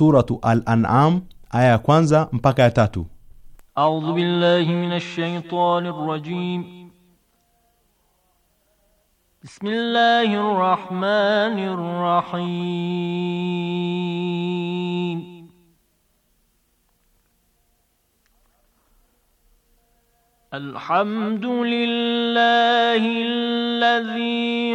suratu Al-An'am aya ya kwanza mpaka ya tatu. A'udhu billahi minash shaitanir rajim. Bismillahir rahmanir rahim. Alhamdulillahi alladhi الذي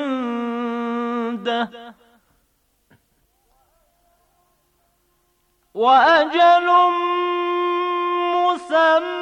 وأجل مسمى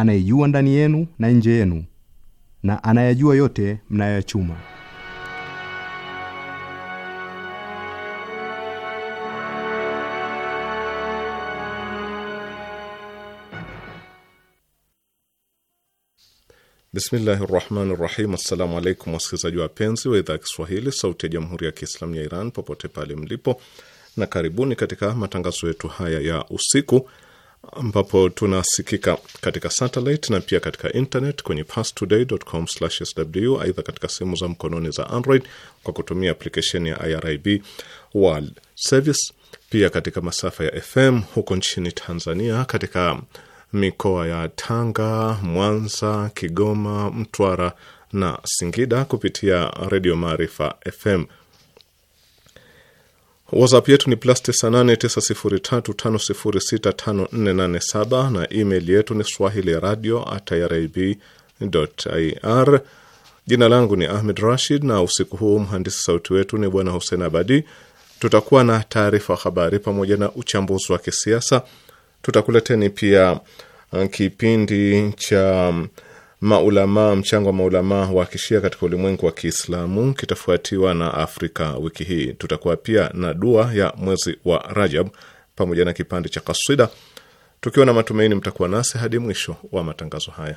anayejua ndani yenu na nje yenu na anayajua yote mnayoyachuma. Bismillahi rahmani rahim. Assalamu alaikum wasikilizaji wapenzi wa idhaa ya Kiswahili sauti ya jamhuri ya Kiislamu ya Iran popote pale mlipo, na karibuni katika matangazo yetu haya ya usiku ambapo tunasikika katika satellite na pia katika internet kwenye pastoday.com/sw. Aidha, katika simu za mkononi za Android kwa kutumia application ya IRIB World Service, pia katika masafa ya FM huko nchini Tanzania, katika mikoa ya Tanga, Mwanza, Kigoma, Mtwara na Singida kupitia Redio Maarifa FM. WhatsApp yetu ni plus 989035065487 na email yetu ni swahili radio at irib ir. Jina langu ni Ahmed Rashid, na usiku huu mhandisi sauti wetu ni bwana Hussein Abadi. Tutakuwa na taarifa habari pamoja na uchambuzi wa kisiasa. Tutakuleteni pia uh, kipindi cha um, maulamaa, mchango wa maulamaa wa kishia katika ulimwengu wa Kiislamu kitafuatiwa na Afrika wiki hii. Tutakuwa pia na dua ya mwezi wa Rajab pamoja na kipande cha kaswida, tukiwa na matumaini mtakuwa nasi hadi mwisho wa matangazo haya.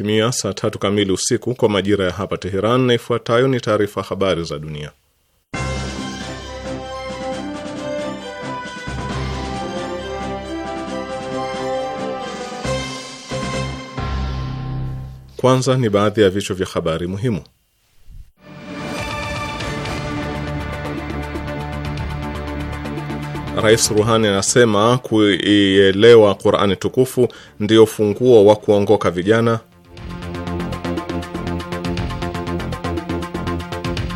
imetimia saa tatu kamili usiku kwa majira ya hapa Teheran, na ifuatayo ni taarifa habari za dunia. Kwanza ni baadhi ya vichwa vya habari muhimu. Rais Ruhani anasema kuielewa Qur'ani tukufu ndio funguo wa kuongoka vijana.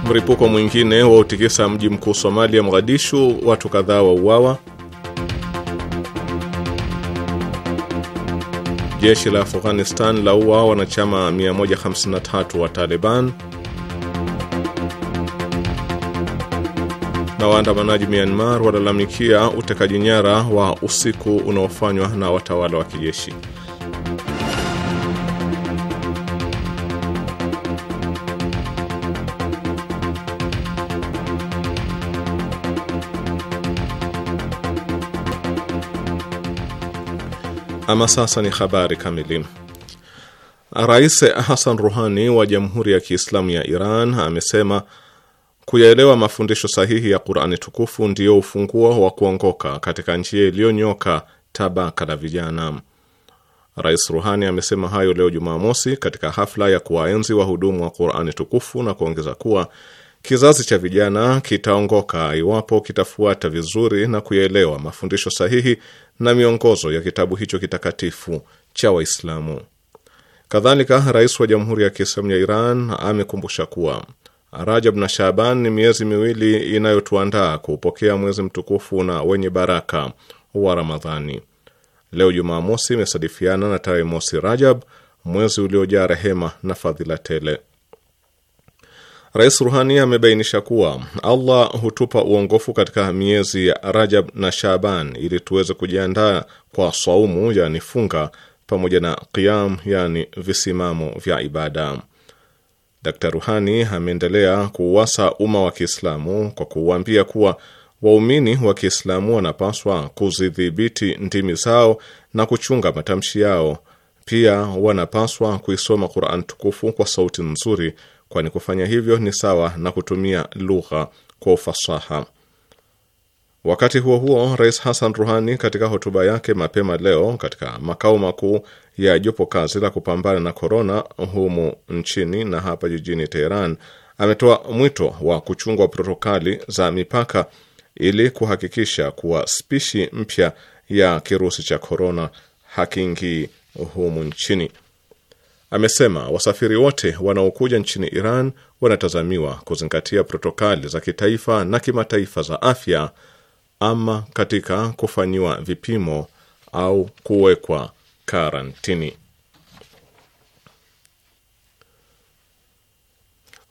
Mripuko mwingine wa utikisa mji mkuu Somalia, Mogadishu, watu kadhaa wauawa. Jeshi la Afghanistan la ua wanachama 153 wa Taliban. Na waandamanaji Myanmar walalamikia utekaji nyara wa usiku unaofanywa na watawala wa kijeshi. Ama sasa ni habari kamili. Rais Hassan Ruhani wa Jamhuri ya Kiislamu ya Iran amesema kuyaelewa mafundisho sahihi ya Qur'ani tukufu ndiyo ufunguo wa kuongoka katika njia iliyonyoka tabaka la vijana. Rais Ruhani amesema hayo leo Jumamosi katika hafla ya kuwaenzi wahudumu wa Qur'ani tukufu na kuongeza kuwa Kizazi cha vijana kitaongoka iwapo kitafuata vizuri na kuyaelewa mafundisho sahihi na miongozo ya kitabu hicho kitakatifu cha Waislamu. Kadhalika, rais wa Jamhuri ya Kiislamu ya Iran amekumbusha kuwa Rajab na Shaban ni miezi miwili inayotuandaa kuupokea mwezi mtukufu na wenye baraka wa Ramadhani. Leo Jumamosi imesadifiana na tarehe mosi Rajab, mwezi uliojaa rehema na fadhila tele. Rais Ruhani amebainisha kuwa Allah hutupa uongofu katika miezi ya Rajab na Shaban ili tuweze kujiandaa kwa saumu, yani funga, pamoja na qiyam, yani visimamo vya ibada. d Ruhani ameendelea kuuwasa umma wa Kiislamu kwa kuuambia kuwa waumini wa Kiislamu wanapaswa kuzidhibiti ndimi zao na kuchunga matamshi yao. Pia wanapaswa kuisoma Qur'an tukufu kwa sauti nzuri kwani kufanya hivyo ni sawa na kutumia lugha kwa ufasaha. Wakati huo huo, Rais Hassan Ruhani katika hotuba yake mapema leo katika makao makuu ya jopo kazi la kupambana na korona humu nchini na hapa jijini Teheran ametoa mwito wa kuchungwa protokali za mipaka ili kuhakikisha kuwa spishi mpya ya kirusi cha korona hakiingii humu nchini. Amesema wasafiri wote wanaokuja nchini Iran wanatazamiwa kuzingatia protokali za kitaifa na kimataifa za afya, ama katika kufanyiwa vipimo au kuwekwa karantini.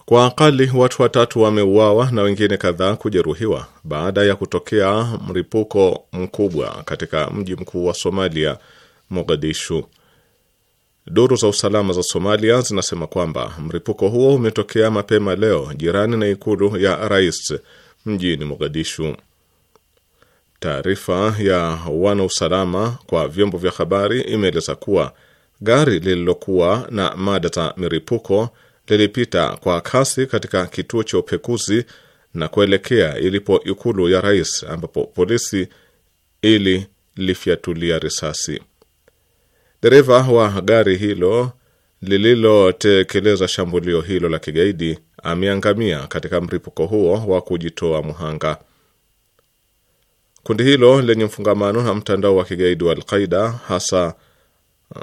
Kwa akali watu watatu wameuawa na wengine kadhaa kujeruhiwa baada ya kutokea mlipuko mkubwa katika mji mkuu wa Somalia, Mogadishu. Duru za usalama za Somalia zinasema kwamba mlipuko huo umetokea mapema leo jirani na ikulu ya rais mjini Mogadishu. Taarifa ya wana usalama kwa vyombo vya habari imeeleza kuwa gari lililokuwa na mada za miripuko lilipita kwa kasi katika kituo cha upekuzi na kuelekea ilipo ikulu ya rais ambapo polisi ili lifyatulia risasi. Dereva wa gari hilo lililotekeleza shambulio hilo la kigaidi ameangamia katika mripuko huo wa kujitoa mhanga. Kundi hilo lenye mfungamano na mtandao wa kigaidi wa Alqaida hasa uh,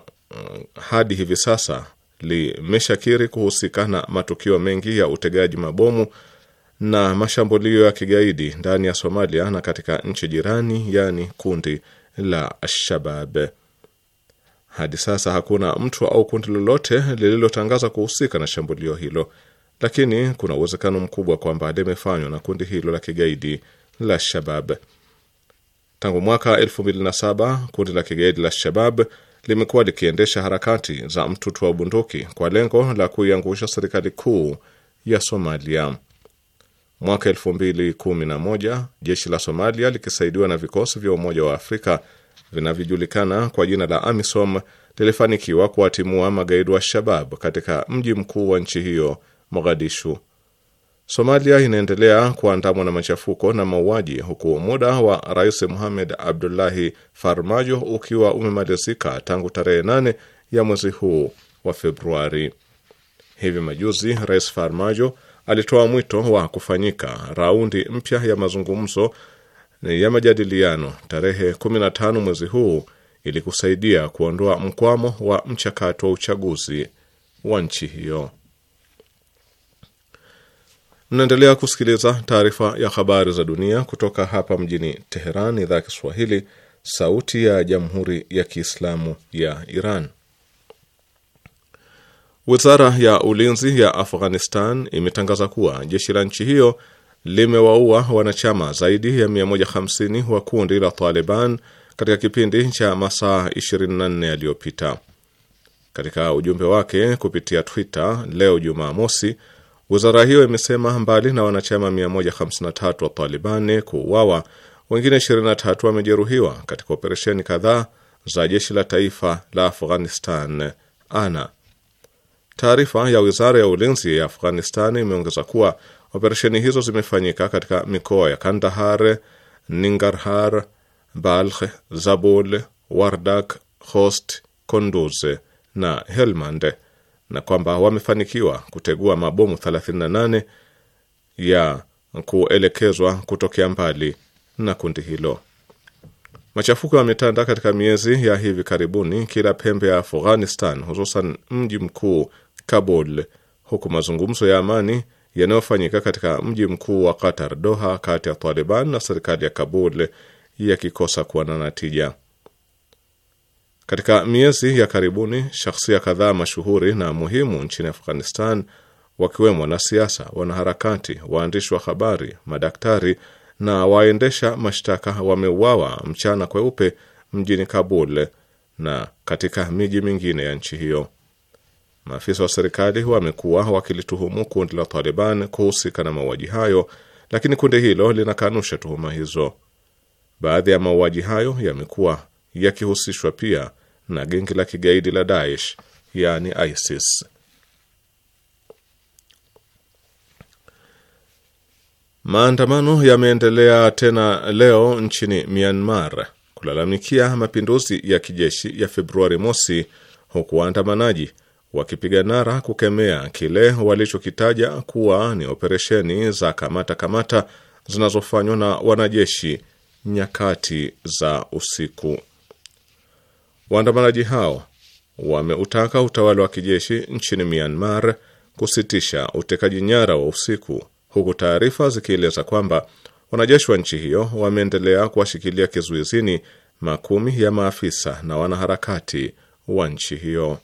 hadi hivi sasa limeshakiri kuhusika na matukio mengi ya utegaji mabomu na mashambulio ya kigaidi ndani ya Somalia na katika nchi jirani, yaani kundi la Alshabab. Hadi sasa hakuna mtu au kundi lolote lililotangaza kuhusika na shambulio hilo, lakini kuna uwezekano mkubwa kwamba limefanywa na kundi hilo la kigaidi la Shabab. Tangu mwaka 2007 kundi la kigaidi la Shabab limekuwa likiendesha harakati za mtutu wa bunduki kwa lengo la kuiangusha serikali kuu ya Somalia. Mwaka 2011 jeshi la Somalia likisaidiwa na vikosi vya Umoja wa Afrika vinavyojulikana kwa jina la AMISOM lilifanikiwa kuwatimua magaidi wa Shabab katika mji mkuu wa nchi hiyo Mogadishu. Somalia inaendelea kuandamwa na machafuko na mauaji, huku muda wa Rais Mohamed Abdullahi Farmajo ukiwa umemalizika tangu tarehe nane ya mwezi huu wa Februari. Hivi majuzi Rais Farmajo alitoa mwito wa kufanyika raundi mpya ya mazungumzo ya majadiliano tarehe 15 mwezi huu ili kusaidia kuondoa mkwamo wa mchakato wa uchaguzi wa nchi hiyo. Mnaendelea kusikiliza taarifa ya habari za dunia kutoka hapa mjini Teheran, idhaa ya Kiswahili, sauti ya jamhuri ya kiislamu ya Iran. Wizara ya ulinzi ya Afghanistan imetangaza kuwa jeshi la nchi hiyo limewaua wanachama zaidi ya 150 wa kundi la Taliban katika kipindi cha masaa 24 yaliyopita. Katika ujumbe wake kupitia Twitter leo Jumamosi, wizara hiyo imesema mbali na wanachama 153 wa Taliban kuuawa, wengine 23 wamejeruhiwa katika operesheni kadhaa za jeshi la taifa la Afghanistan ana. Taarifa ya wizara ya ulinzi ya Afghanistan imeongeza kuwa Operesheni hizo zimefanyika katika mikoa ya Kandahar, Ningarhar, Balkh, Zabul, Wardak, Host, Kunduz na Helmand na kwamba wamefanikiwa kutegua mabomu 38 ya kuelekezwa kutokea mbali na kundi hilo. Machafuko yametanda katika miezi ya hivi karibuni kila pembe ya Afghanistan, hususan mji mkuu Kabul, huku mazungumzo ya amani yanayofanyika katika mji mkuu wa Qatar, Doha, kati ya Taliban na serikali ya Kabul yakikosa kuwa na natija. Katika miezi ya karibuni, shakhsia kadhaa mashuhuri na muhimu nchini Afghanistan, wakiwemo wanasiasa, wanaharakati, waandishi wa habari, madaktari na waendesha mashtaka wameuawa mchana kweupe mjini Kabul na katika miji mingine ya nchi hiyo. Maafisa wa serikali wamekuwa wakilituhumu kundi la Taliban kuhusika na mauaji hayo, lakini kundi hilo linakanusha tuhuma hizo. Baadhi ya mauaji hayo yamekuwa yakihusishwa pia na gengi la kigaidi la Daesh, yani ISIS. Maandamano yameendelea tena leo nchini Myanmar kulalamikia mapinduzi ya kijeshi ya Februari mosi, huku waandamanaji wakipiga nara kukemea kile walichokitaja kuwa ni operesheni za kamata kamata zinazofanywa na wanajeshi nyakati za usiku. Waandamanaji hao wameutaka utawala wa kijeshi nchini Myanmar kusitisha utekaji nyara wa usiku, huku taarifa zikieleza kwamba wanajeshi wa nchi hiyo wameendelea kuwashikilia kizuizini makumi ya maafisa na wanaharakati wa nchi hiyo.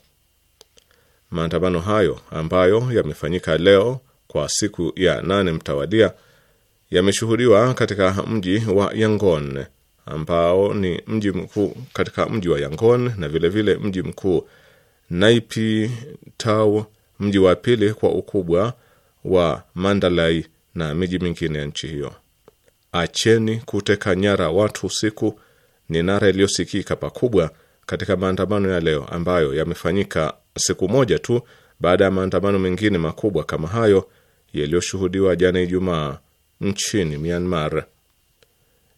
Maandamano hayo ambayo yamefanyika leo kwa siku ya nane mtawadia yameshuhudiwa katika mji wa Yangon ambao ni mji mkuu katika mji wa Yangon na vilevile vile mji mkuu Naipitau, mji wa pili kwa ukubwa wa Mandalay na miji mingine ya nchi hiyo. Acheni kuteka nyara watu usiku ni nara iliyosikika pakubwa katika maandamano ya leo ambayo yamefanyika siku moja tu baada ya maandamano mengine makubwa kama hayo yaliyoshuhudiwa jana Ijumaa nchini Myanmar.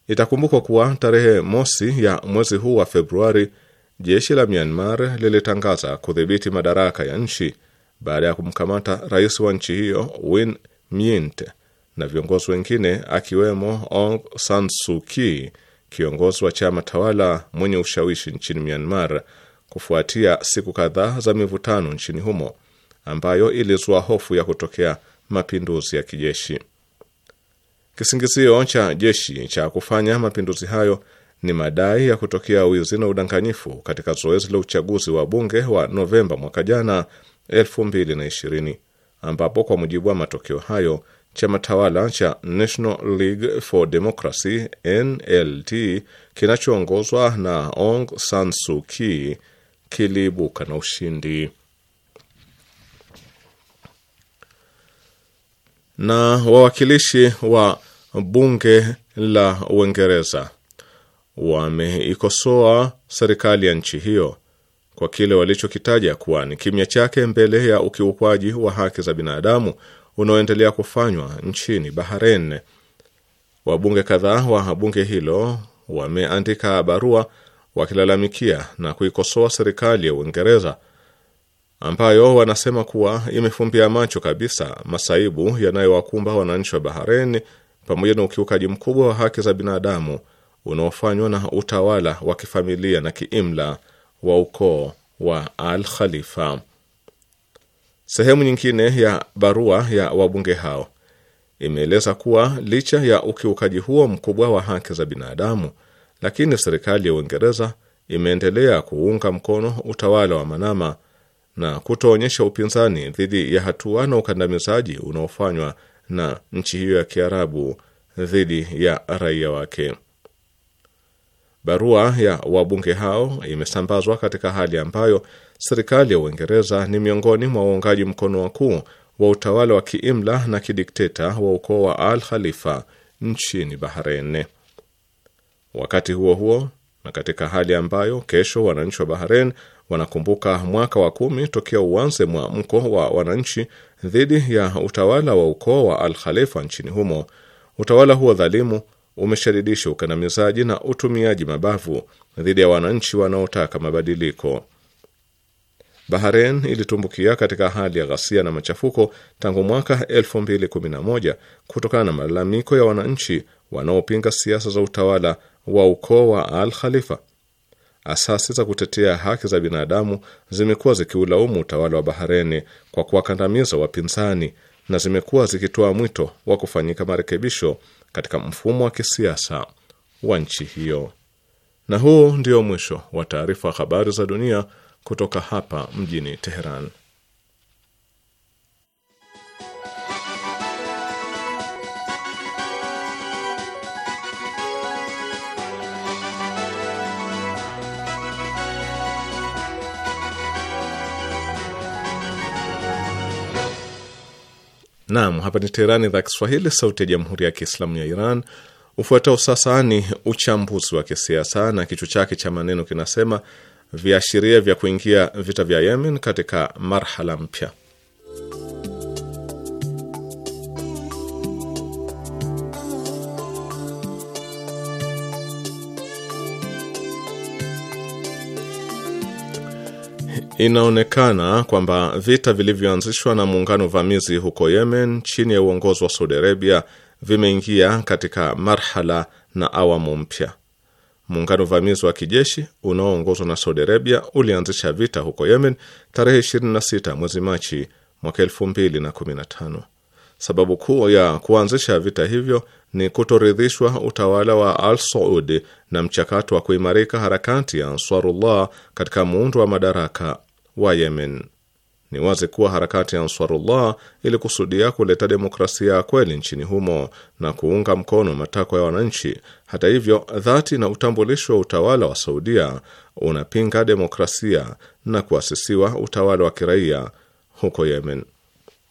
Itakumbukwa kuwa tarehe mosi ya mwezi huu wa Februari, jeshi la Myanmar lilitangaza kudhibiti madaraka ya nchi baada ya kumkamata rais wa nchi hiyo Win Myint na viongozi wengine akiwemo Aung San Suu Kyi, kiongozi wa chama tawala mwenye ushawishi nchini Myanmar kufuatia siku kadhaa za mivutano nchini humo ambayo ilizua hofu ya kutokea mapinduzi ya kijeshi. Kisingizio cha jeshi cha kufanya mapinduzi hayo ni madai ya kutokea wizi na udanganyifu katika zoezi la uchaguzi wa bunge wa Novemba mwaka jana 2020, ambapo kwa mujibu wa matokeo hayo chama tawala cha National League for Democracy NLD kinachoongozwa na Aung San Suu Kyi kiliibuka na ushindi. Na wawakilishi wa bunge la Uingereza wameikosoa serikali ya nchi hiyo kwa kile walichokitaja kuwa ni kimya chake mbele ya ukiukwaji wa haki za binadamu unaoendelea kufanywa nchini Bahrain. Wabunge kadhaa wa bunge hilo wameandika barua wakilalamikia na kuikosoa serikali ya Uingereza ambayo wanasema kuwa imefumbia macho kabisa masaibu yanayowakumba wananchi wa Bahrain pamoja na ukiukaji mkubwa wa haki za binadamu unaofanywa na utawala wa kifamilia na kiimla wa ukoo wa Al Khalifa. Sehemu nyingine ya barua ya wabunge hao imeeleza kuwa licha ya ukiukaji huo mkubwa wa haki za binadamu lakini serikali ya Uingereza imeendelea kuunga mkono utawala wa Manama na kutoonyesha upinzani dhidi ya hatua na ukandamizaji unaofanywa na nchi hiyo ya Kiarabu dhidi ya raia wake. Barua ya wabunge hao imesambazwa katika hali ambayo serikali ya Uingereza ni miongoni mwa waungaji mkono wakuu wa utawala wa kiimla na kidikteta wa ukoo wa Al Khalifa nchini Bahrain. Wakati huo huo, na katika hali ambayo kesho wananchi wa Bahrain wanakumbuka mwaka wa kumi tokea uanze mwamko wa wananchi dhidi ya utawala wa ukoo wa Al Khalifa nchini humo, utawala huo dhalimu umeshadidisha ukandamizaji na utumiaji mabavu dhidi ya wananchi wanaotaka mabadiliko. Bahrain ilitumbukia katika hali ya ghasia na machafuko tangu mwaka 2011 kutokana na malalamiko ya wananchi wanaopinga siasa za utawala wa ukoo wa Al Khalifa. Asasi za kutetea haki za binadamu zimekuwa zikiulaumu utawala wa Bahareni kwa kuwakandamiza wapinzani na zimekuwa zikitoa mwito wa kufanyika marekebisho katika mfumo wa kisiasa wa nchi hiyo. Na huu ndio mwisho wa taarifa habari za dunia kutoka hapa mjini Teheran. Naam, hapa ni Teherani, idhaa Kiswahili, sauti ya jamhuri ya kiislamu ya Iran. Ufuatao sasa ni uchambuzi wa kisiasa na kichwa chake cha maneno kinasema viashiria vya kuingia vita vya Yemen katika marhala mpya. Inaonekana kwamba vita vilivyoanzishwa na muungano vamizi huko Yemen chini ya uongozi wa Saudi Arabia vimeingia katika marhala na awamu mpya. Muungano vamizi wa kijeshi unaoongozwa na Saudi Arabia ulianzisha vita huko Yemen tarehe 26 mwezi Machi mwaka 2015. Sababu kuu ya kuanzisha vita hivyo ni kutoridhishwa utawala wa Al Saud na mchakato wa kuimarika harakati ya Ansarullah katika muundo wa madaraka wa Yemen. Ni wazi kuwa harakati ya Ansarullah ilikusudia kuleta demokrasia ya kweli nchini humo na kuunga mkono matakwa ya wananchi. Hata hivyo, dhati na utambulisho wa utawala wa Saudia unapinga demokrasia na kuasisiwa utawala wa kiraia huko Yemen.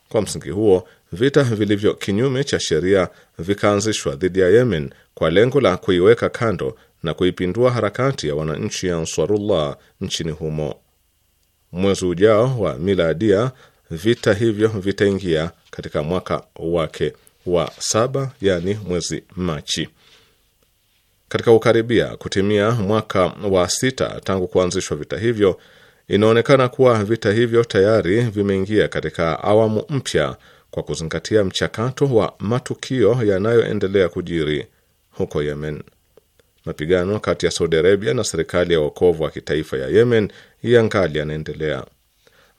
Kwa msingi huo, vita vilivyo kinyume cha sheria vikaanzishwa dhidi ya Yemen kwa lengo la kuiweka kando na kuipindua harakati ya wananchi ya Ansarullah nchini humo mwezi ujao wa miladia, vita hivyo vitaingia katika mwaka wake wa saba, yani mwezi Machi. Katika kukaribia kutimia mwaka wa sita tangu kuanzishwa vita hivyo, inaonekana kuwa vita hivyo tayari vimeingia katika awamu mpya kwa kuzingatia mchakato wa matukio yanayoendelea kujiri huko Yemen. Mapigano kati ya Saudi Arabia na serikali ya wokovu wa kitaifa ya Yemen yangali yanaendelea.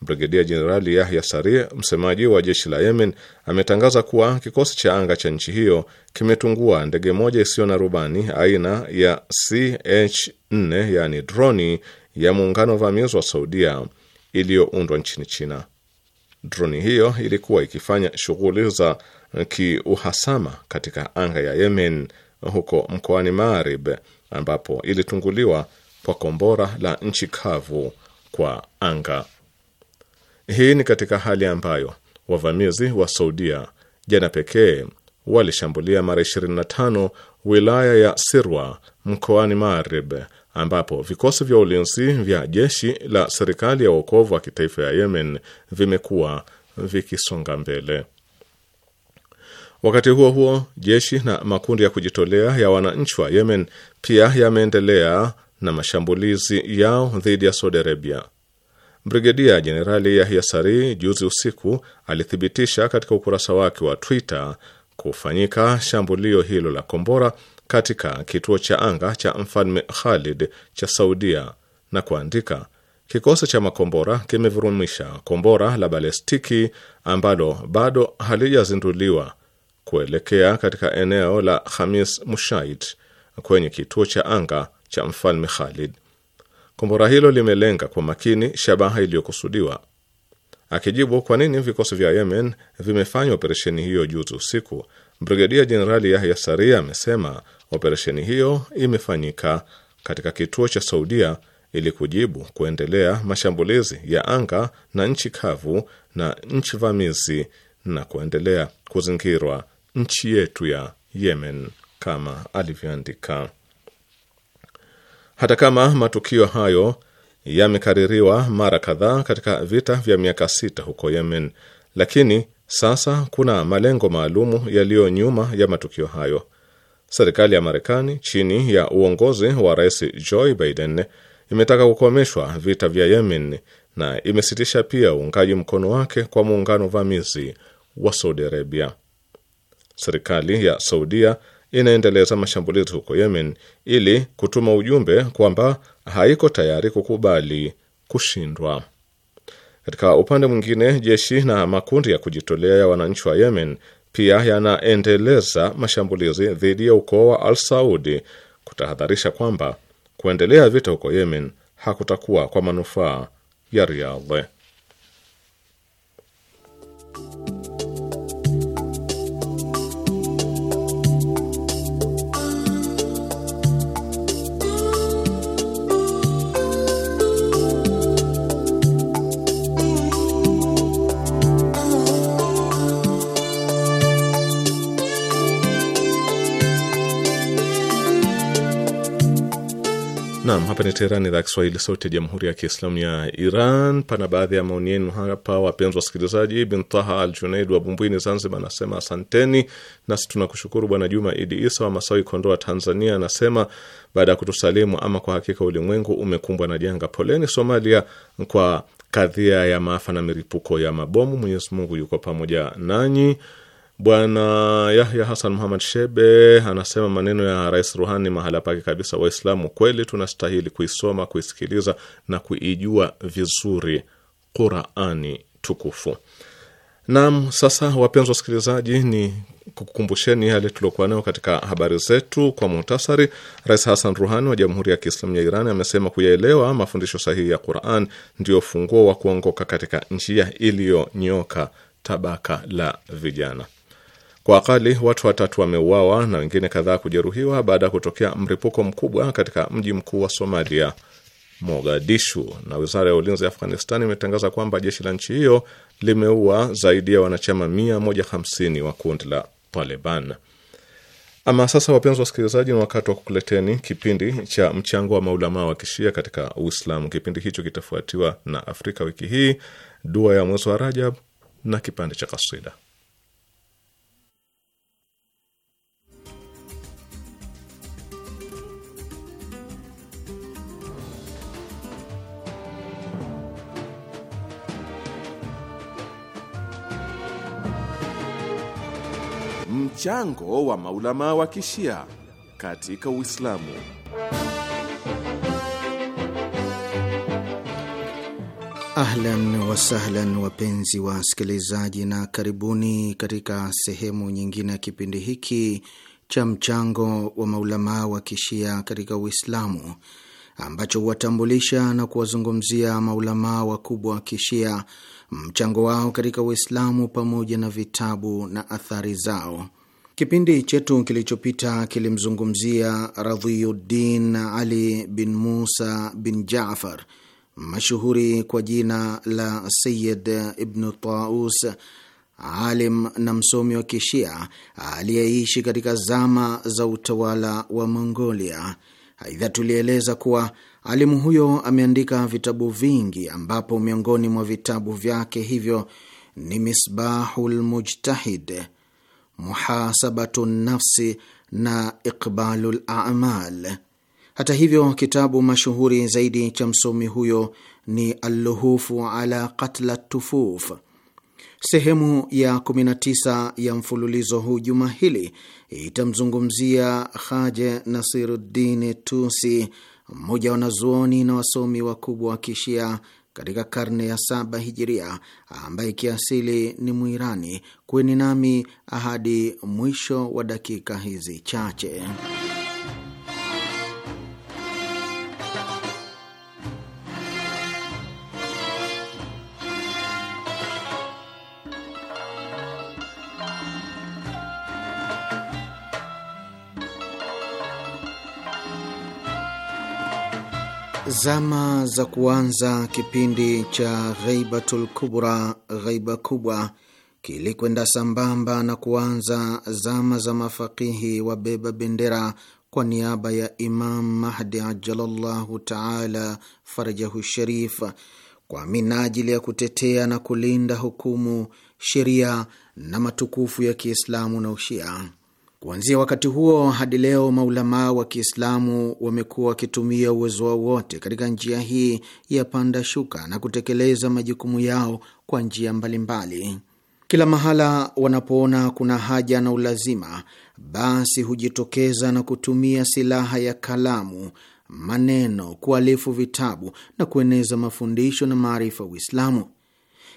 Brigedia Jenerali Yahya Sari, msemaji wa jeshi la Yemen, ametangaza kuwa kikosi cha anga cha nchi hiyo kimetungua ndege moja isiyo na rubani aina ya CH4 yani droni ya muungano vamizi wa Saudia iliyoundwa nchini China. Droni hiyo ilikuwa ikifanya shughuli za kiuhasama katika anga ya Yemen huko mkoani Maarib ambapo ilitunguliwa kwa kombora la nchi kavu kwa anga. Hii ni katika hali ambayo wavamizi wa Saudia jana pekee walishambulia mara 25 wilaya ya Sirwa mkoani Maarib ambapo vikosi vya ulinzi vya jeshi la serikali ya uokovu wa kitaifa ya Yemen vimekuwa vikisonga mbele. Wakati huo huo, jeshi na makundi ya kujitolea ya wananchi wa Yemen pia yameendelea na mashambulizi yao dhidi ya Saudi Arabia. Brigedia Jenerali Yahya Sari juzi usiku alithibitisha katika ukurasa wake wa Twitter kufanyika shambulio hilo la kombora katika kituo cha anga cha Mfalme Khalid cha Saudia na kuandika, kikosi cha makombora kimevurumisha kombora la balestiki ambalo bado halijazinduliwa kuelekea katika eneo la Khamis Mushaid kwenye kituo cha anga cha Mfalme Khalid. Kombora hilo limelenga kwa makini shabaha iliyokusudiwa. Akijibu kwa nini vikosi vya Yemen vimefanya operesheni hiyo juzi usiku, Brigedia Jenerali Yahya Saria amesema operesheni hiyo imefanyika katika kituo cha Saudia ili kujibu kuendelea mashambulizi ya anga na nchi kavu na nchi vamizi na kuendelea kuzingirwa nchi yetu ya Yemen, kama alivyoandika. Hata kama matukio hayo yamekaririwa mara kadhaa katika vita vya miaka sita huko Yemen, lakini sasa kuna malengo maalumu yaliyo nyuma ya matukio hayo. Serikali ya Marekani chini ya uongozi wa Rais Joe Biden imetaka kukomeshwa vita vya Yemen na imesitisha pia uungaji mkono wake kwa muungano vamizi wa Saudi Arabia. Serikali ya Saudia inaendeleza mashambulizi huko Yemen ili kutuma ujumbe kwamba haiko tayari kukubali kushindwa. Katika upande mwingine, jeshi na makundi ya kujitolea ya wananchi wa Yemen pia yanaendeleza mashambulizi dhidi ya ukoo wa Al Saudi kutahadharisha kwamba kuendelea vita huko Yemen hakutakuwa kwa manufaa ya Riyadh. Naam, hapa ni Teherani, idhaa ya Kiswahili, sauti ya jamhuri ya kiislamu ya Iran. Pana baadhi ya maoni yenu hapa, wapenzi wasikilizaji. Bin Taha Al Junaid wa Bumbwini, Zanzibar, anasema asanteni. Nasi tunakushukuru. Bwana Juma Idi Isa wa Masawi, Kondoa, Tanzania, anasema baada ya kutusalimu, ama kwa hakika ulimwengu umekumbwa na janga. Poleni Somalia kwa kadhia ya maafa na milipuko ya mabomu. Mwenyezi Mungu yuko pamoja nanyi. Bwana Yahya Hasan Muhamad Shebe anasema maneno ya Rais Ruhani mahala pake kabisa. Waislamu kweli tunastahili kuisoma, kuisikiliza na kuijua vizuri Qurani tukufu. Naam, sasa wapenzi wasikilizaji, ni kukumbusheni yale tuliokuwa nayo katika habari zetu kwa muhtasari. Rais Hassan Ruhani wa Jamhuri ya Kiislamu ya Iran amesema kuyaelewa mafundisho sahihi ya Quran ndio funguo wa kuongoka katika njia iliyonyoka tabaka la vijana. Kwa akali watu watatu wameuawa na wengine kadhaa kujeruhiwa baada ya kutokea mripuko mkubwa katika mji mkuu wa Somalia, Mogadishu. Na wizara ya ulinzi ya Afghanistan imetangaza kwamba jeshi la nchi hiyo limeua zaidi ya wanachama 150 wa kundi la Taliban. Ama sasa, wapenzi wasikilizaji, ni wakati wa kukuleteni kipindi cha mchango wa maulamaa wa kishia katika Uislamu. Kipindi hicho kitafuatiwa na Afrika wiki hii, dua ya mwezi wa Rajab na kipande cha kasida. Mchango wa maulama wa kishia katika Uislamu. Ahlan wasahlan, wapenzi wa wasikilizaji, na karibuni katika sehemu nyingine ya kipindi hiki cha mchango wa maulamaa wa kishia katika Uislamu ambacho huwatambulisha na kuwazungumzia maulamaa wakubwa wa kishia, mchango wao katika Uislamu pamoja na vitabu na athari zao. Kipindi chetu kilichopita kilimzungumzia Radhiyuddin Ali bin Musa bin Jafar mashuhuri kwa jina la Sayid Ibnu Taus, alim na msomi wa Kishia aliyeishi katika zama za utawala wa Mongolia. Aidha, tulieleza kuwa alimu huyo ameandika vitabu vingi, ambapo miongoni mwa vitabu vyake hivyo ni Misbahul Mujtahid muhasabatu nafsi na iqbalu lamal Hata hivyo, kitabu mashuhuri zaidi cha msomi huyo ni Alluhufu ala qatla tufuf. Sehemu ya 19 ya mfululizo huu juma hili itamzungumzia Haje Nasiruddin Tusi, mmoja wa wanazuoni na wasomi wakubwa wa Kishia katika karne ya saba hijiria, ambaye kiasili ni Mwirani. Kweni nami ahadi mwisho wa dakika hizi chache. Zama za kuanza kipindi cha Ghaibatul Kubra, ghaiba kubwa, kilikwenda sambamba na kuanza zama za mafakihi wabeba bendera kwa niaba ya Imam Mahdi ajalallahu taala farajahu sharif kwa minajili ya kutetea na kulinda hukumu, sheria na matukufu ya Kiislamu na Ushia. Kuanzia wakati huo hadi leo maulamaa wa Kiislamu wamekuwa wakitumia uwezo wao wote katika njia hii ya panda shuka na kutekeleza majukumu yao kwa njia mbalimbali. Kila mahala wanapoona kuna haja na ulazima, basi hujitokeza na kutumia silaha ya kalamu, maneno, kualifu vitabu na kueneza mafundisho na maarifa Uislamu.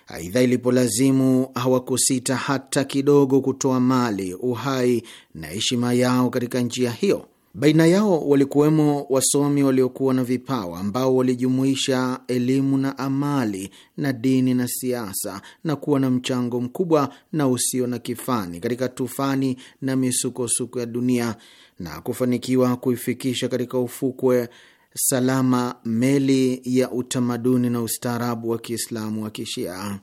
Aidha, ilipolazimu hawakusita hata kidogo kutoa mali, uhai na heshima yao katika njia hiyo. Baina yao walikuwemo wasomi waliokuwa na vipawa ambao walijumuisha elimu na amali na dini na siasa na kuwa na mchango mkubwa na usio na kifani katika tufani na misukosuko ya dunia na kufanikiwa kuifikisha katika ufukwe salama meli ya utamaduni na ustaarabu wa Kiislamu wa Kishia.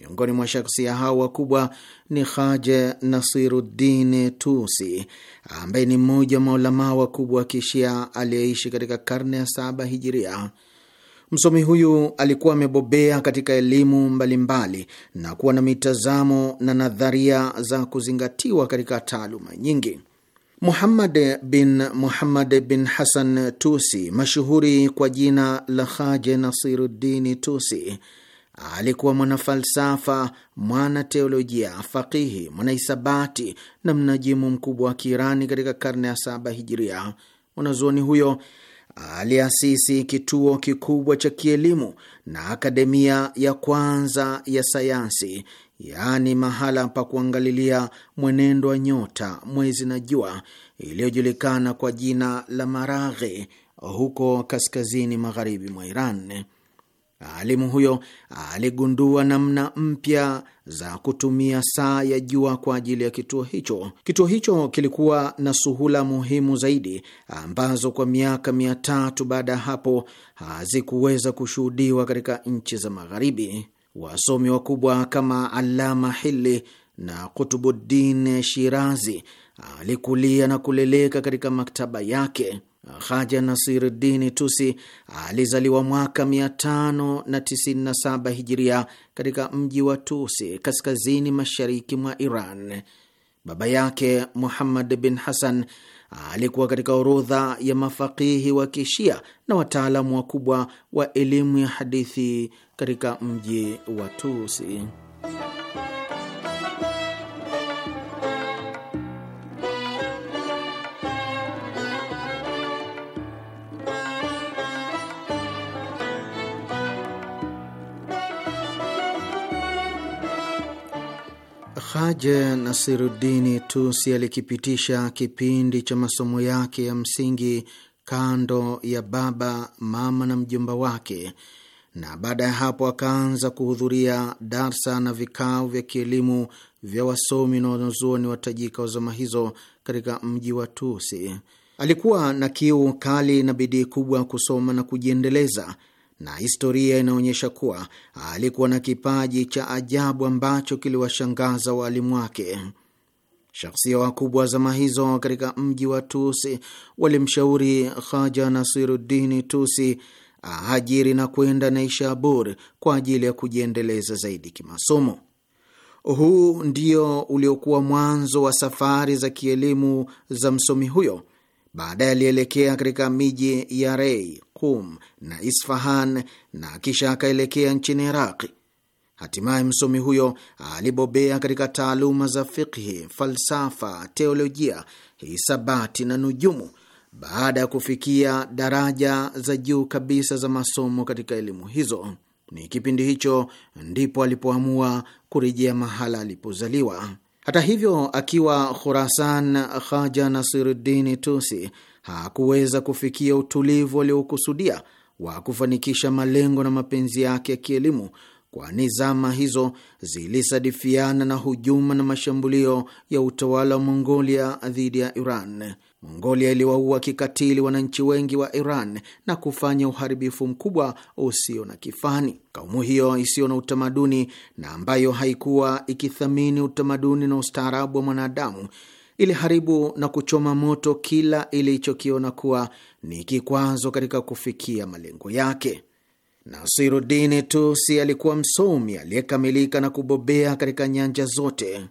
Miongoni mwa shaksia hao wakubwa ni Haje Nasiruddin Tusi, ambaye ni mmoja wa maulamaa wakubwa wa Kishia aliyeishi katika karne ya saba Hijiria. Msomi huyu alikuwa amebobea katika elimu mbalimbali na kuwa na mitazamo na nadharia za kuzingatiwa katika taaluma nyingi. Muhammad bin Muhammad bin Hasan Tusi, mashuhuri kwa jina la Haje Nasiruddini Tusi, alikuwa mwanafalsafa, mwanateolojia, faqihi, mwanahisabati na mnajimu mkubwa wa Kiirani katika karne ya saba Hijiria. Mwanazuoni huyo aliasisi kituo kikubwa cha kielimu na akademia ya kwanza ya sayansi yaani mahala pa kuangalilia mwenendo wa nyota, mwezi na jua, iliyojulikana kwa jina la Maraghe huko kaskazini magharibi mwa Iran. Alimu huyo aligundua namna mpya za kutumia saa ya jua kwa ajili ya kituo hicho. Kituo hicho kilikuwa na suhula muhimu zaidi ambazo kwa miaka mia tatu baada ya hapo hazikuweza kushuhudiwa katika nchi za Magharibi. Wasomi wakubwa kama alama Hili na Kutubuddin Shirazi alikulia na kuleleka katika maktaba yake. Haja nasirdini Tusi alizaliwa mwaka 597 Hijiria katika mji wa Tusi, kaskazini mashariki mwa Iran. Baba yake Muhammad bin Hassan alikuwa katika orodha ya mafakihi wa Kishia na wataalamu wakubwa wa elimu ya hadithi katika mji wa Tusi. Haja nasirudini Tusi alikipitisha kipindi cha masomo yake ya msingi kando ya baba, mama na mjomba wake na baada ya hapo akaanza kuhudhuria darsa na vikao vya kielimu vya wasomi na wanazuoni watajika wa zama hizo katika mji wa Tusi. Alikuwa na kiu kali na bidii kubwa kusoma na kujiendeleza, na historia inaonyesha kuwa alikuwa na kipaji cha ajabu ambacho kiliwashangaza waalimu wake. Shakhsia wakubwa wa zama hizo katika mji wa Tusi walimshauri Haja Nasiruddini Tusi aajiri na kwenda Naishabur kwa ajili ya kujiendeleza zaidi kimasomo. Huu ndio uliokuwa mwanzo wa safari za kielimu za msomi huyo. Baadaye alielekea katika miji ya Rei, Kum na Isfahan na kisha akaelekea nchini Iraqi. Hatimaye msomi huyo alibobea katika taaluma za fikhi, falsafa, teolojia, hisabati na nujumu baada ya kufikia daraja za juu kabisa za masomo katika elimu hizo. Ni kipindi hicho ndipo alipoamua kurejea mahala alipozaliwa. Hata hivyo, akiwa Khurasan, Khaja Nasiruddin Tusi hakuweza kufikia utulivu aliokusudia wa kufanikisha malengo na mapenzi yake ya kielimu, kwani zama hizo zilisadifiana na hujuma na mashambulio ya utawala wa Mongolia dhidi ya Iran. Mongolia iliwaua kikatili wananchi wengi wa Iran na kufanya uharibifu mkubwa usio na kifani. Kaumu hiyo isiyo na utamaduni na ambayo haikuwa ikithamini utamaduni na ustaarabu wa mwanadamu iliharibu na kuchoma moto kila ilichokiona kuwa ni kikwazo katika kufikia malengo yake. Nasirudini Tusi alikuwa msomi aliyekamilika na kubobea katika nyanja zote.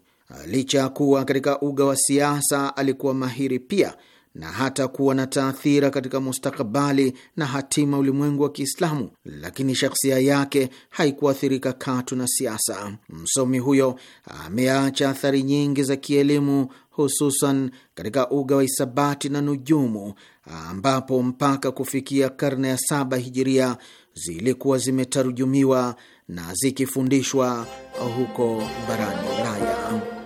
Licha ya kuwa katika uga wa siasa alikuwa mahiri pia na hata kuwa na taathira katika mustakabali na hatima ulimwengu wa Kiislamu, lakini shakhsia yake haikuathirika katu na siasa. Msomi huyo ameacha athari nyingi za kielimu, hususan katika uga wa hisabati na nujumu, ambapo mpaka kufikia karne ya saba hijiria zilikuwa zimetarujumiwa na zikifundishwa huko barani Ulaya.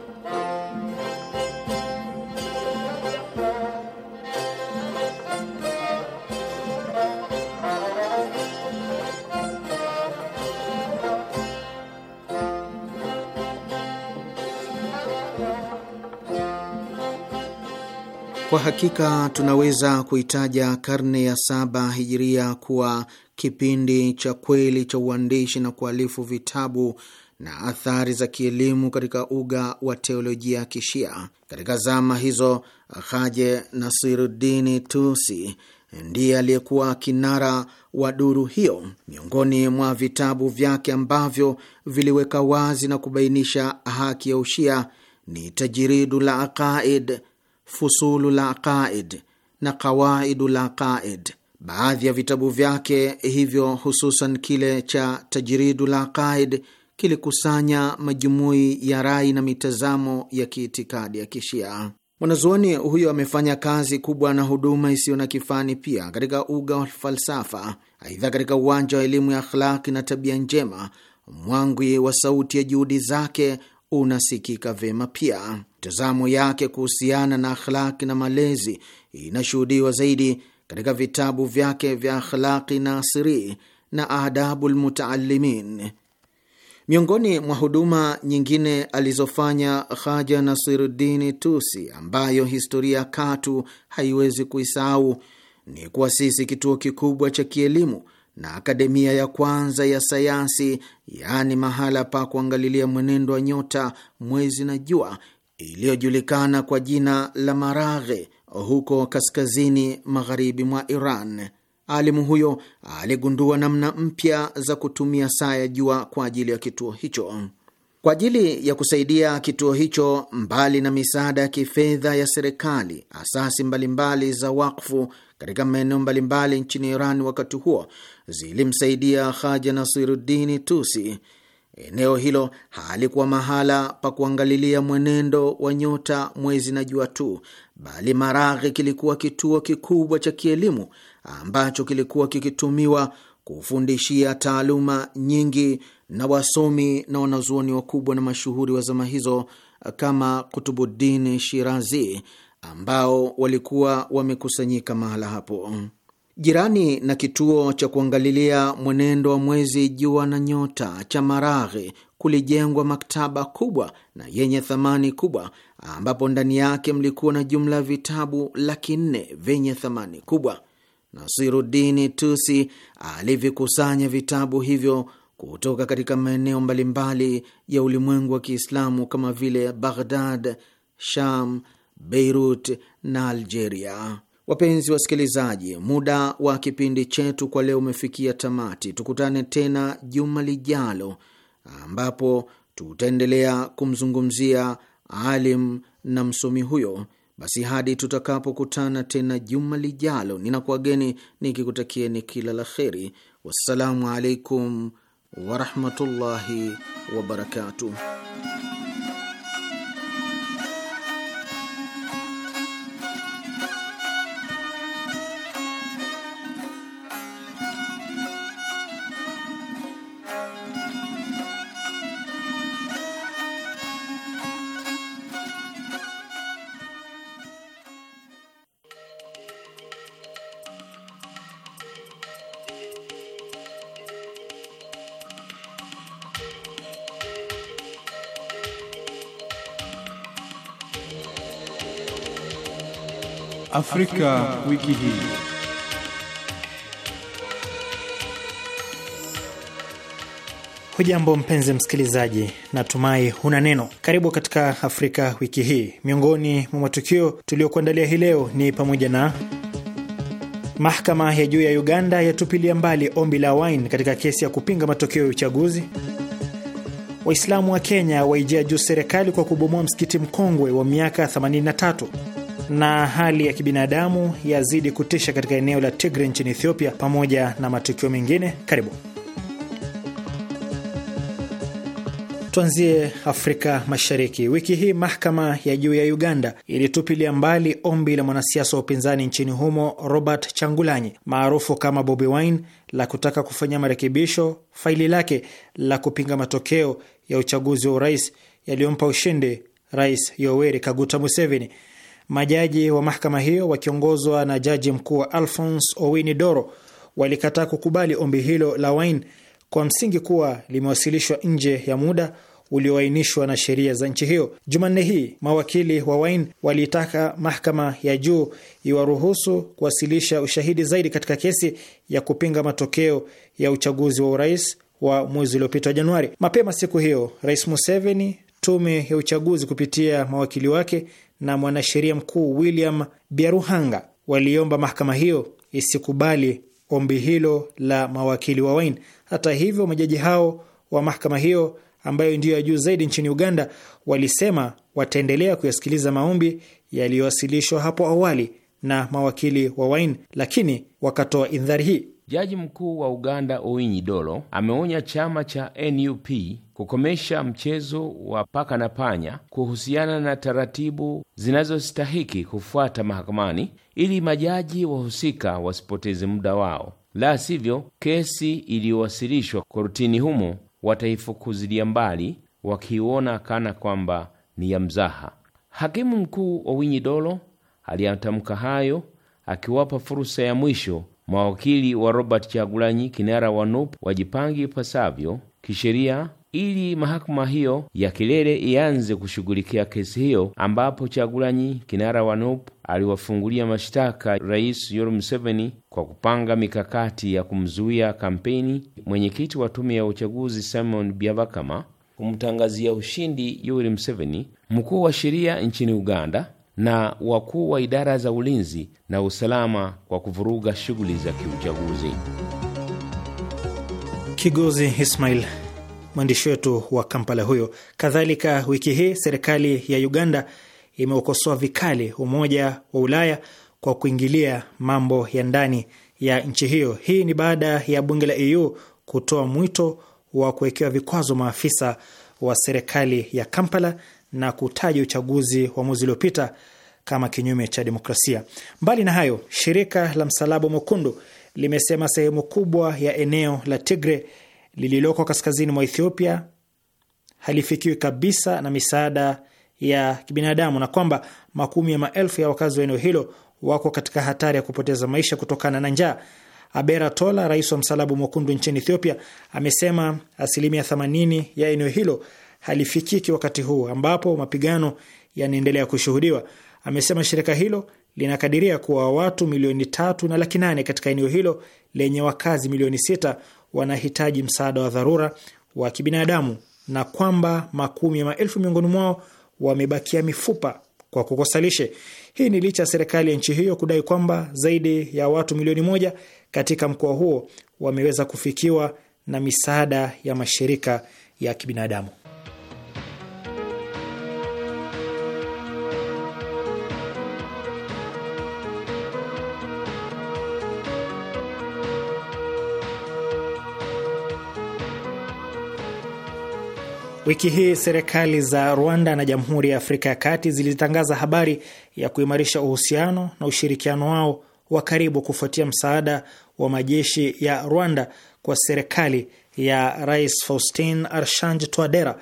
Kwa hakika tunaweza kuitaja karne ya saba hijiria kuwa kipindi cha kweli cha uandishi na kualifu vitabu na athari za kielimu katika uga wa teolojia ya Kishia. Katika zama hizo, Haje Nasiruddini Tusi ndiye aliyekuwa kinara wa duru hiyo. Miongoni mwa vitabu vyake ambavyo viliweka wazi na kubainisha haki ya Ushia ni Tajiridu la Aqaid Fusulul Aqaid na Qawaidul Aqaid. Baadhi ya vitabu vyake hivyo, hususan kile cha Tajridul Aqaid kilikusanya majumui ya rai na mitazamo ya kiitikadi ya Kishia. Mwanazuoni huyo amefanya kazi kubwa na huduma isiyo na kifani pia katika uga wa falsafa. Aidha, katika uwanja wa elimu ya akhlaki na tabia njema, mwangwi wa sauti ya juhudi zake unasikika vema pia. Mitazamo yake kuhusiana na akhlaki na malezi inashuhudiwa zaidi katika vitabu vyake vya Akhlaqi Nasiri na Adabu Lmutaalimin. Miongoni mwa huduma nyingine alizofanya Haja Nasiruddini Tusi, ambayo historia katu haiwezi kuisahau, ni kuasisi kituo kikubwa cha kielimu na akademia ya kwanza ya sayansi, yaani mahala pa kuangalilia mwenendo wa nyota, mwezi na jua iliyojulikana kwa jina la Maraghe huko kaskazini magharibi mwa Iran. Alimu huyo aligundua namna mpya za kutumia saa ya jua kwa ajili ya kituo hicho. Kwa ajili ya kusaidia kituo hicho, mbali na misaada ya kifedha ya serikali, asasi mbalimbali za wakfu katika maeneo mbalimbali nchini Iran wakati huo zilimsaidia Haja Nasiruddini Tusi. Eneo hilo halikuwa mahala pa kuangalilia mwenendo wa nyota, mwezi na jua tu, bali Maraghi kilikuwa kituo kikubwa cha kielimu ambacho kilikuwa kikitumiwa kufundishia taaluma nyingi na wasomi na wanazuoni wakubwa na mashuhuri wa zama hizo kama Kutubuddin Shirazi ambao walikuwa wamekusanyika mahala hapo. Jirani na kituo cha kuangalilia mwenendo wa mwezi, jua na nyota cha Maraghi kulijengwa maktaba kubwa na yenye thamani kubwa, ambapo ndani yake mlikuwa na jumla ya vitabu laki nne vyenye thamani kubwa. Nasirudini Tusi alivikusanya vitabu hivyo kutoka katika maeneo mbalimbali ya ulimwengu wa Kiislamu kama vile Baghdad, Sham, Beirut na Algeria. Wapenzi wasikilizaji, muda wa kipindi chetu kwa leo umefikia tamati. Tukutane tena juma lijalo, ambapo tutaendelea kumzungumzia alim na msomi huyo. Basi hadi tutakapokutana tena juma lijalo, ninakuwageni nikikutakieni kila la kheri. Wassalamu alaikum warahmatullahi wabarakatuh. Afrika, wiki hii. Hujambo mpenzi msikilizaji, natumai huna neno. Karibu katika Afrika wiki hii. Miongoni mwa matukio tuliyokuandalia hii leo ni pamoja na mahakama ya juu ya Uganda yatupilia mbali ombi la Wine katika kesi ya kupinga matokeo ya uchaguzi, Waislamu wa Kenya waijia juu serikali kwa kubomoa msikiti mkongwe wa miaka 83 na hali ya kibinadamu yazidi kutisha katika eneo la tigre nchini Ethiopia, pamoja na matukio mengine. Karibu Tuanzie Afrika Mashariki. Wiki hii mahakama ya juu ya Uganda ilitupilia mbali ombi la mwanasiasa wa upinzani nchini humo Robert Changulanyi maarufu kama Bobi Wine la kutaka kufanya marekebisho faili lake la kupinga matokeo ya uchaguzi wa urais yaliyompa ushindi Rais Yoweri Kaguta Museveni. Majaji wa mahakama hiyo wakiongozwa na jaji mkuu wa Alphonse Owini Doro walikataa kukubali ombi hilo la Wine kwa msingi kuwa limewasilishwa nje ya muda ulioainishwa na sheria za nchi hiyo. Jumanne hii mawakili wa Wine waliitaka mahakama ya juu iwaruhusu kuwasilisha ushahidi zaidi katika kesi ya kupinga matokeo ya uchaguzi wa urais wa mwezi uliopita Januari. Mapema siku hiyo, Rais Museveni tume ya uchaguzi kupitia mawakili wake na mwanasheria mkuu William Biaruhanga waliomba mahakama hiyo isikubali ombi hilo la mawakili wa Wine. Hata hivyo, majaji hao wa mahakama hiyo ambayo ndiyo ya juu zaidi nchini Uganda walisema wataendelea kuyasikiliza maombi yaliyowasilishwa hapo awali na mawakili wa Wine, lakini wakatoa indhari hii. Jaji mkuu wa Uganda Owinyi Dolo ameonya chama cha NUP kukomesha mchezo wa paka na panya kuhusiana na taratibu zinazostahiki kufuata mahakamani ili majaji wahusika wasipoteze muda wao, la sivyo kesi iliyowasilishwa kortini humo wataifukuzilia mbali, wakiona kana kwamba ni ya mzaha. Hakimu mkuu Owinyi Dolo aliyatamka hayo akiwapa fursa ya mwisho mawakili wa Robert Chagulanyi, kinara wa NUP, wajipangi pasavyo kisheria ili mahakama hiyo ya kilele ianze kushughulikia kesi hiyo, ambapo Chagulanyi, kinara wa NUP, aliwafungulia mashtaka Rais Yoweri Museveni kwa kupanga mikakati ya kumzuia kampeni, mwenyekiti wa tume ya uchaguzi Simon Byabakama kumtangazia ushindi Yoweri Museveni, mkuu wa sheria nchini Uganda na wakuu wa idara za ulinzi na usalama kwa kuvuruga shughuli za kiuchaguzi. Kigozi Ismail, mwandishi wetu wa Kampala huyo. Kadhalika, wiki hii serikali ya Uganda imeukosoa vikali Umoja wa Ulaya kwa kuingilia mambo ya ndani ya nchi hiyo. Hii ni baada ya bunge la EU kutoa mwito wa kuwekewa vikwazo maafisa wa serikali ya Kampala na kutaja uchaguzi wa mwezi uliopita kama kinyume cha demokrasia. Mbali na hayo, shirika la Msalaba Mwekundu limesema sehemu kubwa ya eneo la Tigre lililoko kaskazini mwa Ethiopia halifikiwi kabisa na misaada ya kibinadamu na kwamba makumi ya maelfu ya wakazi wa eneo hilo wako katika hatari ya kupoteza maisha kutokana na njaa. Abera Tola, rais wa Msalaba Mwekundu nchini Ethiopia, amesema asilimia 80 ya eneo hilo halifikiki wakati huu ambapo mapigano yanaendelea kushuhudiwa. Amesema shirika hilo linakadiria kuwa watu milioni tatu na laki nane katika eneo hilo lenye wakazi milioni sita wanahitaji msaada wa dharura wa kibinadamu na kwamba makumi ya maelfu miongoni mwao wamebakia mifupa kwa kukosa lishe. Hii ni licha ya serikali ya nchi hiyo kudai kwamba zaidi ya watu milioni moja katika mkoa huo wameweza kufikiwa na misaada ya mashirika ya kibinadamu. Wiki hii serikali za Rwanda na Jamhuri ya Afrika ya Kati zilitangaza habari ya kuimarisha uhusiano na ushirikiano wao wa karibu kufuatia msaada wa majeshi ya Rwanda kwa serikali ya Rais Faustin Archange Touadera,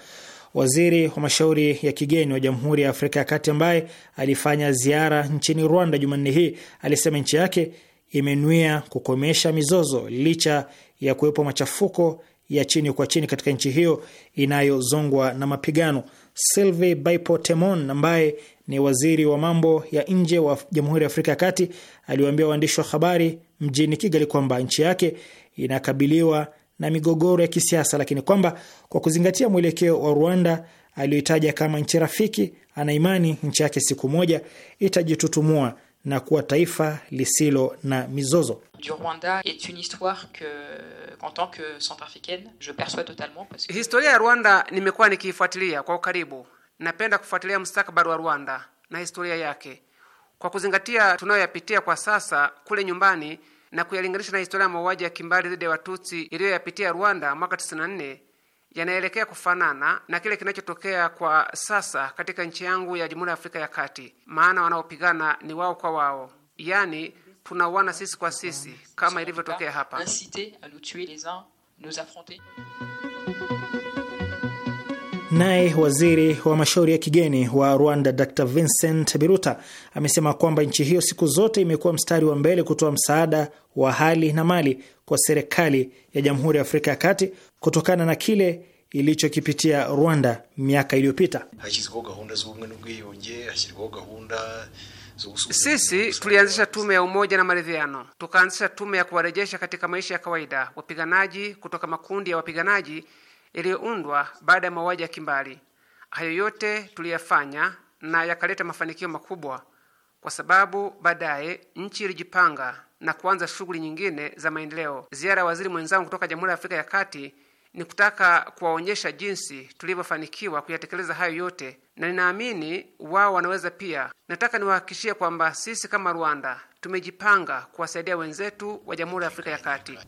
waziri wa mashauri ya kigeni wa Jamhuri ya Afrika ya Kati ambaye alifanya ziara nchini Rwanda Jumanne hii alisema nchi yake imenuia kukomesha mizozo licha ya kuwepo machafuko ya chini kwa chini katika nchi hiyo inayozongwa na mapigano. Sylvie Baipotemon ambaye ni waziri wa mambo ya nje wa Jamhuri ya Afrika ya Kati aliwaambia waandishi wa habari mjini Kigali kwamba nchi yake inakabiliwa na migogoro ya kisiasa, lakini kwamba kwa kuzingatia mwelekeo wa Rwanda aliyoitaja kama nchi rafiki, anaimani nchi yake siku moja itajitutumua na kuwa taifa lisilo na mizozo. Historia ya Rwanda nimekuwa nikiifuatilia kwa ukaribu. Napenda kufuatilia mustakabali wa Rwanda na historia yake kwa kuzingatia tunayoyapitia kwa sasa kule nyumbani na kuyalinganisha na historia ya mauaji ya kimbari dhidi ya Watutsi iliyoyapitia Rwanda mwaka 94 yanaelekea kufanana na kile kinachotokea kwa sasa katika nchi yangu ya Jamhuri ya Afrika ya Kati, maana wanaopigana ni wao kwa wao, yaani tunauana sisi kwa sisi kama ilivyotokea hapa. Naye waziri wa mashauri ya kigeni wa Rwanda Dr Vincent Biruta amesema kwamba nchi hiyo siku zote imekuwa mstari wa mbele kutoa msaada wa hali na mali kwa serikali ya Jamhuri ya Afrika ya Kati kutokana na kile ilichokipitia Rwanda miaka iliyopita. Sisi tulianzisha tume ya umoja na maridhiano, tukaanzisha tume ya kuwarejesha katika maisha ya kawaida wapiganaji kutoka makundi ya wapiganaji yaliyoundwa baada ya mauaji ya kimbali. Hayo yote tuliyafanya na yakaleta mafanikio makubwa, kwa sababu baadaye nchi ilijipanga na kuanza shughuli nyingine za maendeleo. Ziara ya waziri mwenzangu kutoka Jamhuri ya Afrika ya Kati ni kutaka kuwaonyesha jinsi tulivyofanikiwa kuyatekeleza hayo yote, na ninaamini wao wanaweza pia. Nataka niwahakikishie kwamba sisi kama Rwanda tumejipanga kuwasaidia wenzetu wa Jamhuri ya Afrika ya Kati.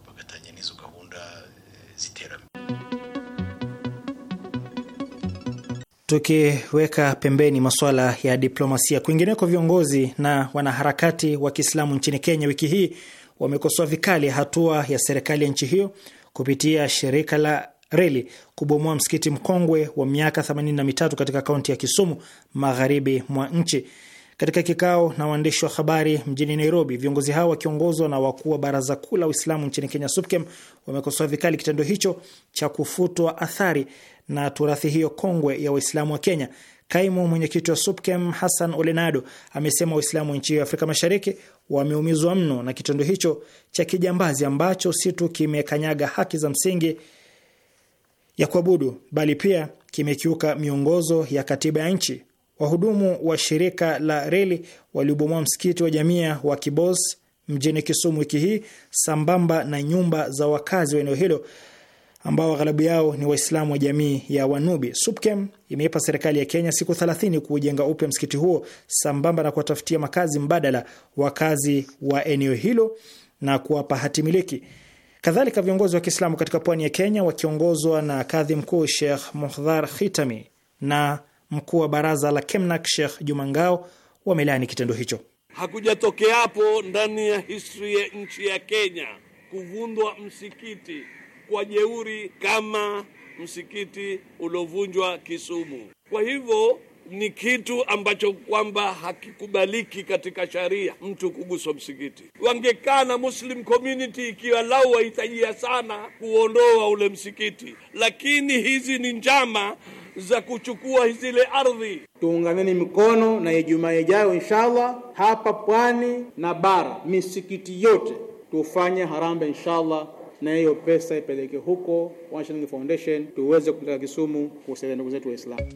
Tukiweka pembeni masuala ya diplomasia, kwingineko, viongozi na wanaharakati wa Kiislamu nchini Kenya wiki hii wamekosoa vikali hatua ya serikali ya nchi hiyo kupitia shirika la reli kubomoa msikiti mkongwe wa miaka 83 katika kaunti ya Kisumu, magharibi mwa nchi. Katika kikao na waandishi wa habari mjini Nairobi, viongozi hao wakiongozwa na wakuu wa Baraza Kuu la Uislamu nchini Kenya, SUPKEM, wamekosoa vikali kitendo hicho cha kufutwa athari na turathi hiyo kongwe ya Waislamu wa Kenya. Kaimu mwenyekiti wa SUPKEM Hassan Olenado amesema Waislamu nchi hiyo ya Afrika Mashariki wameumizwa mno na kitendo hicho cha kijambazi ambacho si tu kimekanyaga haki za msingi ya kuabudu bali pia kimekiuka miongozo ya katiba ya nchi. Wahudumu wa shirika la reli waliobomoa msikiti wa jamia wa Kibos mjini Kisumu wiki hii sambamba na nyumba za wakazi wa eneo hilo ambao aghalabu yao ni Waislamu wa jamii ya Wanubi. SUPKEM imeipa serikali ya Kenya siku 30 kuujenga upya msikiti huo sambamba na kuwatafutia makazi mbadala wakazi wa eneo hilo na kuwapa hati miliki. Kadhalika, viongozi wa Kiislamu katika pwani ya Kenya wakiongozwa na kadhi mkuu Sheikh Muhdhar Khitami na mkuu wa baraza la Kemnak Sheikh Juma Ngao wamelaani kitendo hicho. hakujatokeapo ndani ya historia ya nchi ya Kenya kuvundwa msikiti kwa jeuri kama msikiti uliovunjwa Kisumu. Kwa hivyo ni kitu ambacho kwamba hakikubaliki katika sharia mtu kuguswa msikiti. Wangekaa na Muslim community ikiwa lau wahitajia sana kuondoa ule msikiti, lakini hizi ni njama za kuchukua zile ardhi. Tuunganeni mikono na Ijumaa ijayo inshallah, hapa pwani na bara, misikiti yote tufanye harambe inshallah na hiyo pesa ipeleke huko One Shilingi Foundation, tuweze kupeleka Kisumu kusaidia ndugu zetu Waislamu.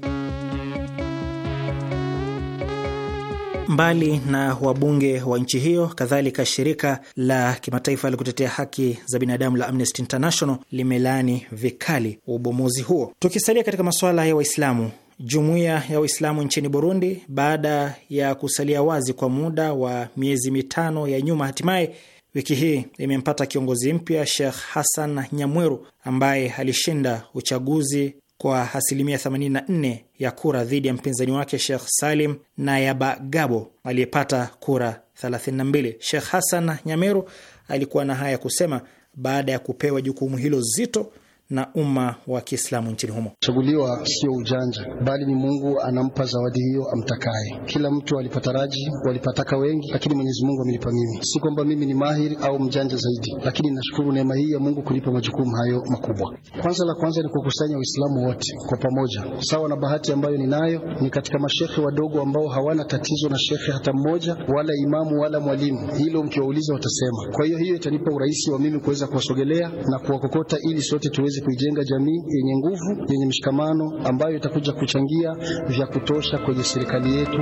Mbali na wabunge wa nchi hiyo, kadhalika shirika la kimataifa la kutetea haki za binadamu la Amnesty International limelaani vikali ubomozi huo. Tukisalia katika masuala ya Waislamu, Jumuiya ya Waislamu nchini Burundi, baada ya kusalia wazi kwa muda wa miezi mitano ya nyuma, hatimaye wiki hii imempata kiongozi mpya Sheikh Hassan Nyamweru ambaye alishinda uchaguzi kwa asilimia 84 ya kura dhidi ya mpinzani wake Sheikh Salim Nayabagabo aliyepata kura 32. Sheikh Hassan Nyameru alikuwa na haya kusema baada ya kupewa jukumu hilo zito na umma wa Kiislamu nchini humo. Chaguliwa sio ujanja, bali ni Mungu anampa zawadi hiyo amtakaye. Kila mtu alipataraji, walipataka wengi, lakini Mwenyezi Mungu amenipa mimi. Si kwamba mimi ni mahiri au mjanja zaidi, lakini nashukuru neema hii ya Mungu kulipa majukumu hayo makubwa. Kwanza la kwanza ni kukusanya Waislamu wote kwa pamoja, sawa na bahati ambayo ninayo ni katika mashekhe wadogo ambao hawana tatizo na shekhe hata mmoja, wala imamu wala mwalimu. Hilo mkiwauliza watasema. Kwa hiyo hiyo itanipa urahisi wa mimi kuweza kuwasogelea na kuwakokota ili sote tuweze tuweze kuijenga jamii yenye nguvu, yenye mshikamano, ambayo itakuja kuchangia vya kutosha kwenye serikali yetu.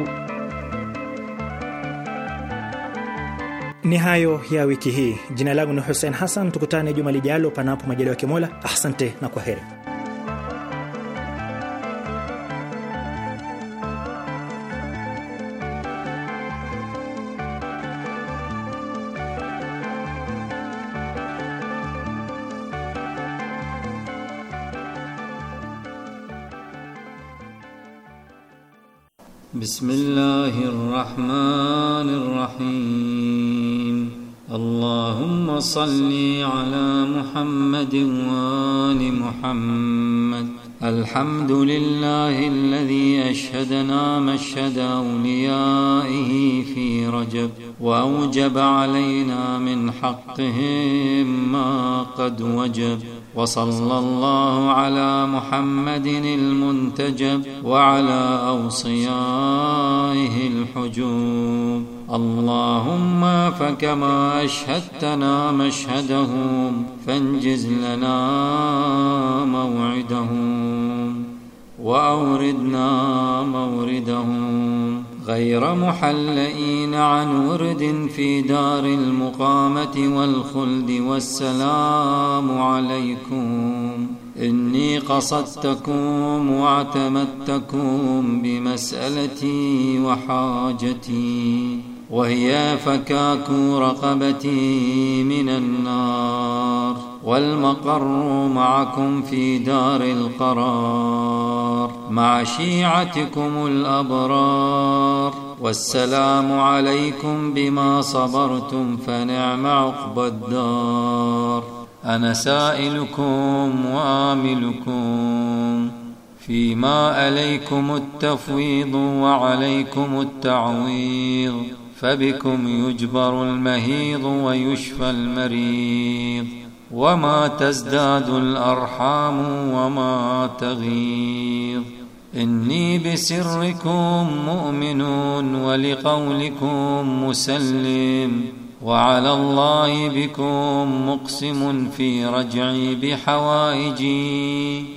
Ni hayo ya wiki hii. Jina langu ni Hussein Hassan, tukutane juma lijalo, panapo majaliwa ya Kimola. Asante na kwa heri. بسم الله الرحمن الرحيم اللهم صل على محمد وآل محمد الحمد لله الذي أشهدنا مشهد أوليائه في رجب وأوجب علينا من حقهم ما قد وجب وصلى الله على محمد المنتجب وعلى أوصيائه الحجوب اللهم فكما أشهدتنا مشهدهم فانجز لنا موعدهم وأوردنا موردهم غير محلئين عن ورد في دار المقامة والخلد والسلام عليكم إني قصدتكم واعتمدتكم بمسألتي وحاجتي وهي فكاك رقبتي من النار والمقر معكم في دار القرار مع شيعتكم الأبرار والسلام عليكم بما صبرتم فنعم عقب الدار أنا سائلكم وآملكم فيما عليكم التفويض وعليكم التعويض فبكم يجبر المهيض ويشفى المريض وما تزداد الأرحام وما تغيظ إني بسركم مؤمن ولقولكم مسلم وعلى الله بكم مقسم في رجعي بحوائجي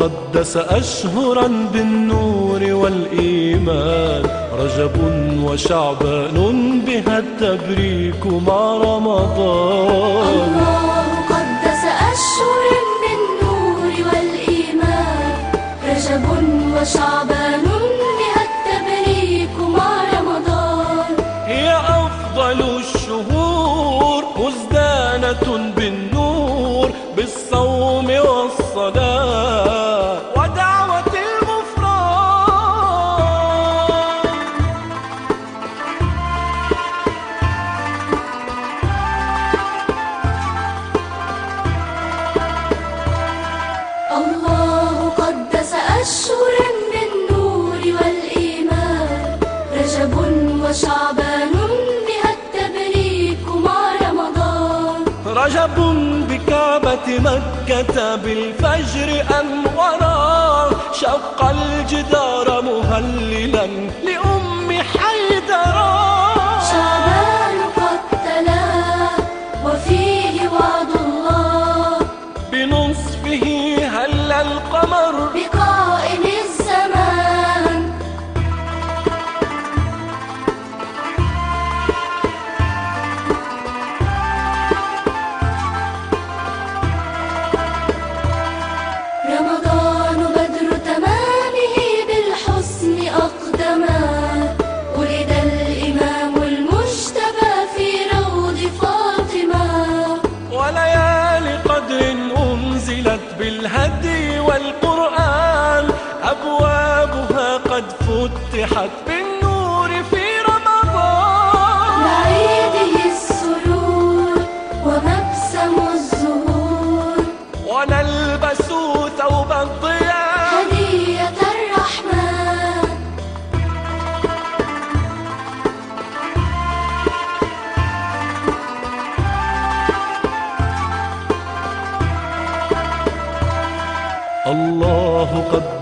قدس أشهرا بالنور والإيمان رجب وشعبان بها التبريك مع رمضان الله قدس بالنور والإيمان رجب وشعبان مكة بالفجر أنورا شق الجدار مهللا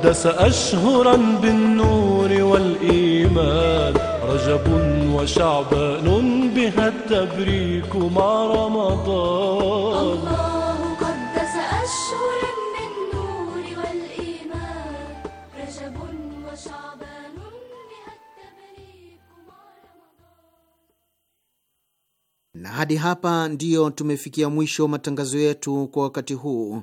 حدث أشهرا بالنور والإيمان رجب وشعبان بها التبريك مع رمضان الله قدس أشهرا بالنور والإيمان رجب وشعبان بها التبريك مع رمضان. Na hadi hapa tumefikia mwisho matangazo yetu kwa wakati huu.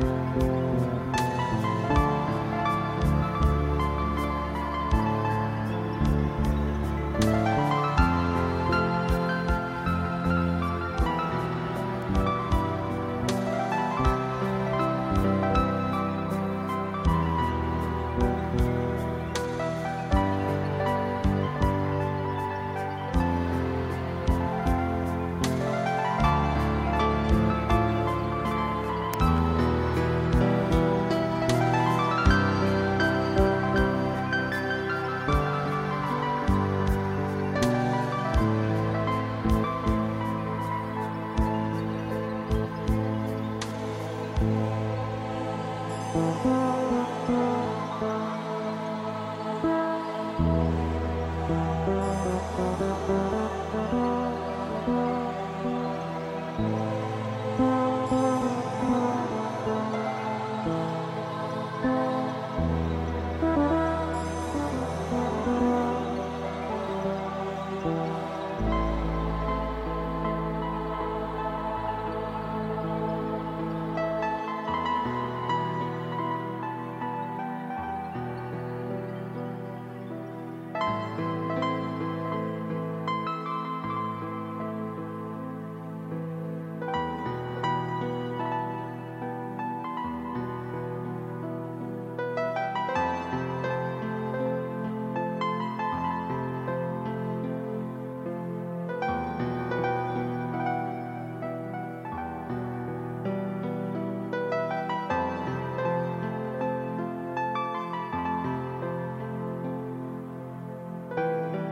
Thank you.